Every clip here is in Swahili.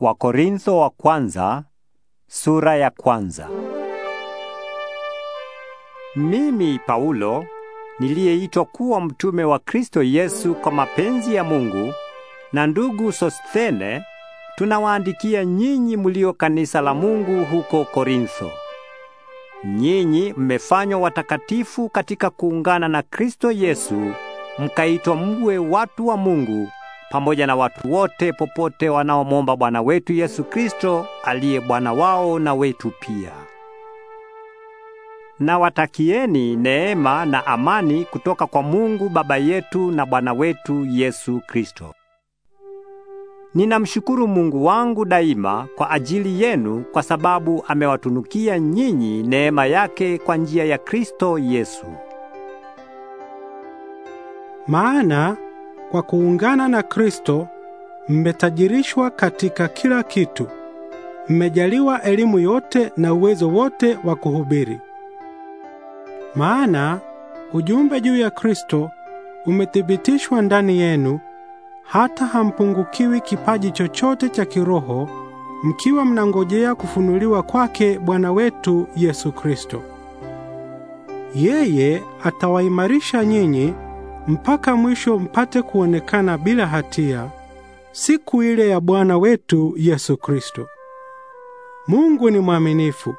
Wakorintho wa kwanza, sura ya kwanza. Mimi Paulo niliyeitwa kuwa mtume wa Kristo Yesu kwa mapenzi ya Mungu na ndugu Sosthene tunawaandikia nyinyi mlio kanisa la Mungu huko Korintho. Nyinyi mmefanywa watakatifu katika kuungana na Kristo Yesu mkaitwa mwe watu wa Mungu pamoja na watu wote popote wanaomwomba Bwana wetu Yesu Kristo aliye Bwana wao na wetu pia. Na watakieni neema na amani kutoka kwa Mungu Baba yetu na Bwana wetu Yesu Kristo. Ninamshukuru Mungu wangu daima kwa ajili yenu kwa sababu amewatunukia nyinyi neema yake kwa njia ya Kristo Yesu. Maana kwa kuungana na Kristo mmetajirishwa katika kila kitu. Mmejaliwa elimu yote na uwezo wote wa kuhubiri. Maana ujumbe juu ya Kristo umethibitishwa ndani yenu hata hampungukiwi kipaji chochote cha kiroho mkiwa mnangojea kufunuliwa kwake Bwana wetu Yesu Kristo. Yeye atawaimarisha nyinyi mpaka mwisho mpate kuonekana bila hatia siku ile ya Bwana wetu Yesu Kristo. Mungu ni mwaminifu.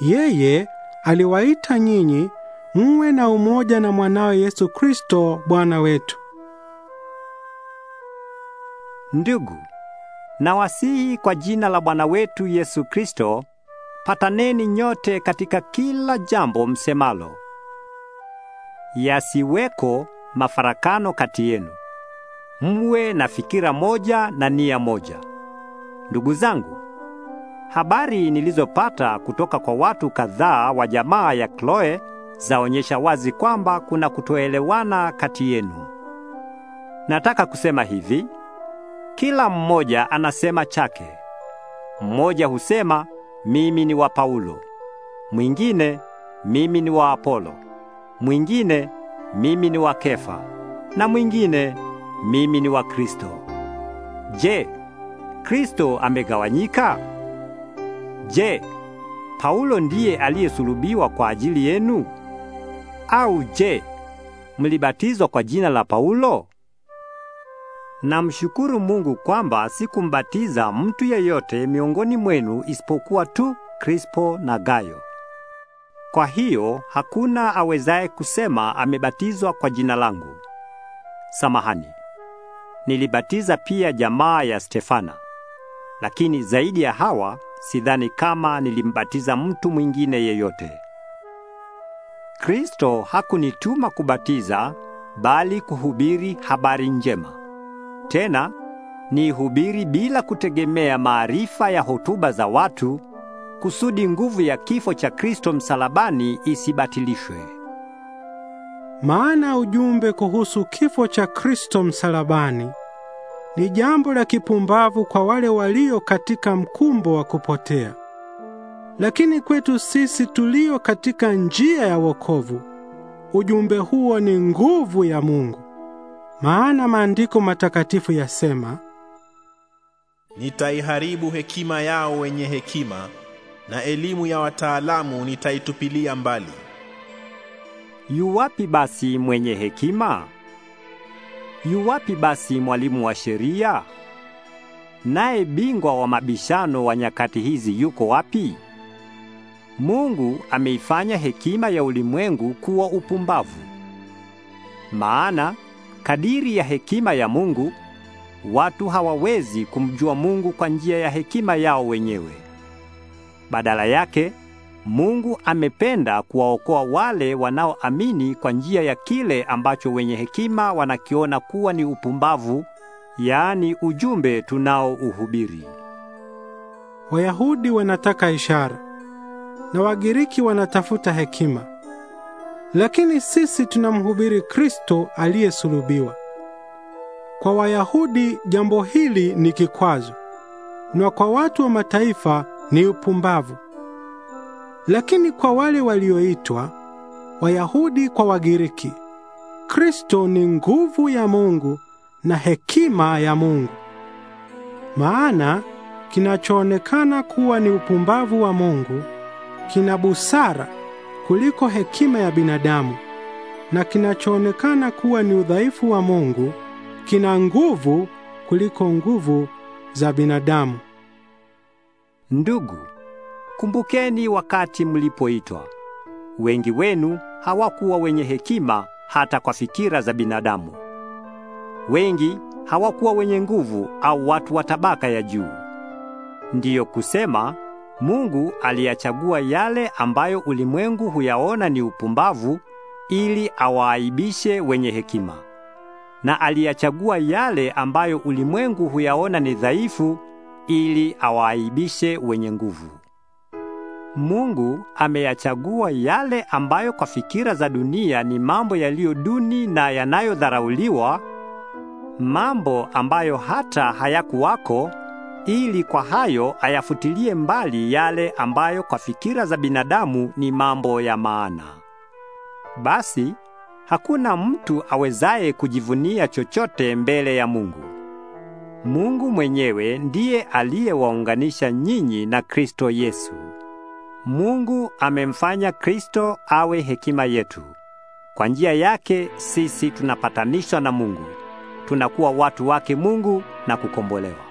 Yeye aliwaita nyinyi muwe na umoja na mwanawe Yesu Kristo Bwana wetu. Ndugu, nawasihi kwa jina la Bwana wetu Yesu Kristo, pataneni nyote katika kila jambo msemalo yasiweko mafarakano kati yenu. Mwe na fikira moja na nia moja. Ndugu zangu, habari nilizopata kutoka kwa watu kadhaa wa jamaa ya Kloe zaonyesha wazi kwamba kuna kutoelewana kati yenu. Nataka kusema hivi, kila mmoja anasema chake. Mmoja husema mimi ni wa Paulo, mwingine mimi ni wa Apolo mwingine mimi ni wa Kefa na mwingine mimi ni wa Kristo. Je, Kristo amegawanyika? Je, Paulo ndiye aliyesulubiwa kwa ajili yenu? Au je, mlibatizwa kwa jina la Paulo? Namshukuru Mungu kwamba sikumbatiza mtu yeyote miongoni mwenu isipokuwa tu Krispo na Gayo. Kwa hiyo hakuna awezaye kusema amebatizwa kwa jina langu. Samahani. Nilibatiza pia jamaa ya Stefana. Lakini zaidi ya hawa sidhani kama nilimbatiza mtu mwingine yeyote. Kristo hakunituma kubatiza bali kuhubiri habari njema. Tena niihubiri bila kutegemea maarifa ya hotuba za watu kusudi nguvu ya kifo cha Kristo msalabani isibatilishwe. Maana ujumbe kuhusu kifo cha Kristo msalabani ni jambo la kipumbavu kwa wale walio katika mkumbo wa kupotea, lakini kwetu sisi tulio katika njia ya wokovu ujumbe huo ni nguvu ya Mungu. Maana maandiko matakatifu yasema, nitaiharibu hekima yao wenye hekima na elimu ya wataalamu nitaitupilia mbali. yu wapi basi mwenye hekima? yu wapi basi mwalimu wa sheria? Naye bingwa wa mabishano wa nyakati hizi yuko wapi? Mungu ameifanya hekima ya ulimwengu kuwa upumbavu. Maana kadiri ya hekima ya Mungu, watu hawawezi kumjua Mungu kwa njia ya hekima yao wenyewe. Badala yake, Mungu amependa kuwaokoa wale wanaoamini kwa njia ya kile ambacho wenye hekima wanakiona kuwa ni upumbavu, yaani ujumbe tunaouhubiri. Wayahudi wanataka ishara na Wagiriki wanatafuta hekima. Lakini sisi tunamhubiri Kristo aliyesulubiwa. Kwa Wayahudi jambo hili ni kikwazo, na kwa watu wa mataifa ni upumbavu. Lakini kwa wale walioitwa, Wayahudi kwa Wagiriki, Kristo ni nguvu ya Mungu na hekima ya Mungu. Maana kinachoonekana kuwa ni upumbavu wa Mungu kina busara kuliko hekima ya binadamu, na kinachoonekana kuwa ni udhaifu wa Mungu kina nguvu kuliko nguvu za binadamu. Ndugu, kumbukeni wakati mlipoitwa. Wengi wenu hawakuwa wenye hekima hata kwa fikira za binadamu. Wengi hawakuwa wenye nguvu au watu wa tabaka ya juu. Ndiyo kusema Mungu aliyachagua yale ambayo ulimwengu huyaona ni upumbavu ili awaaibishe wenye hekima. Na aliyachagua yale ambayo ulimwengu huyaona ni dhaifu ili awaaibishe wenye nguvu. Mungu ameyachagua yale ambayo kwa fikira za dunia ni mambo yaliyo duni na yanayodharauliwa, mambo ambayo hata hayakuwako, ili kwa hayo ayafutilie mbali yale ambayo kwa fikira za binadamu ni mambo ya maana. Basi hakuna mtu awezaye kujivunia chochote mbele ya Mungu. Mungu mwenyewe ndiye aliyewaunganisha nyinyi na Kristo Yesu. Mungu amemfanya Kristo awe hekima yetu. Kwa njia yake sisi tunapatanishwa na Mungu. Tunakuwa watu wake Mungu na kukombolewa.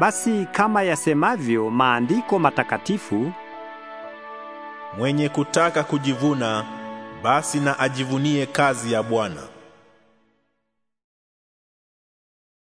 Basi kama yasemavyo maandiko matakatifu, mwenye kutaka kujivuna basi na ajivunie kazi ya Bwana.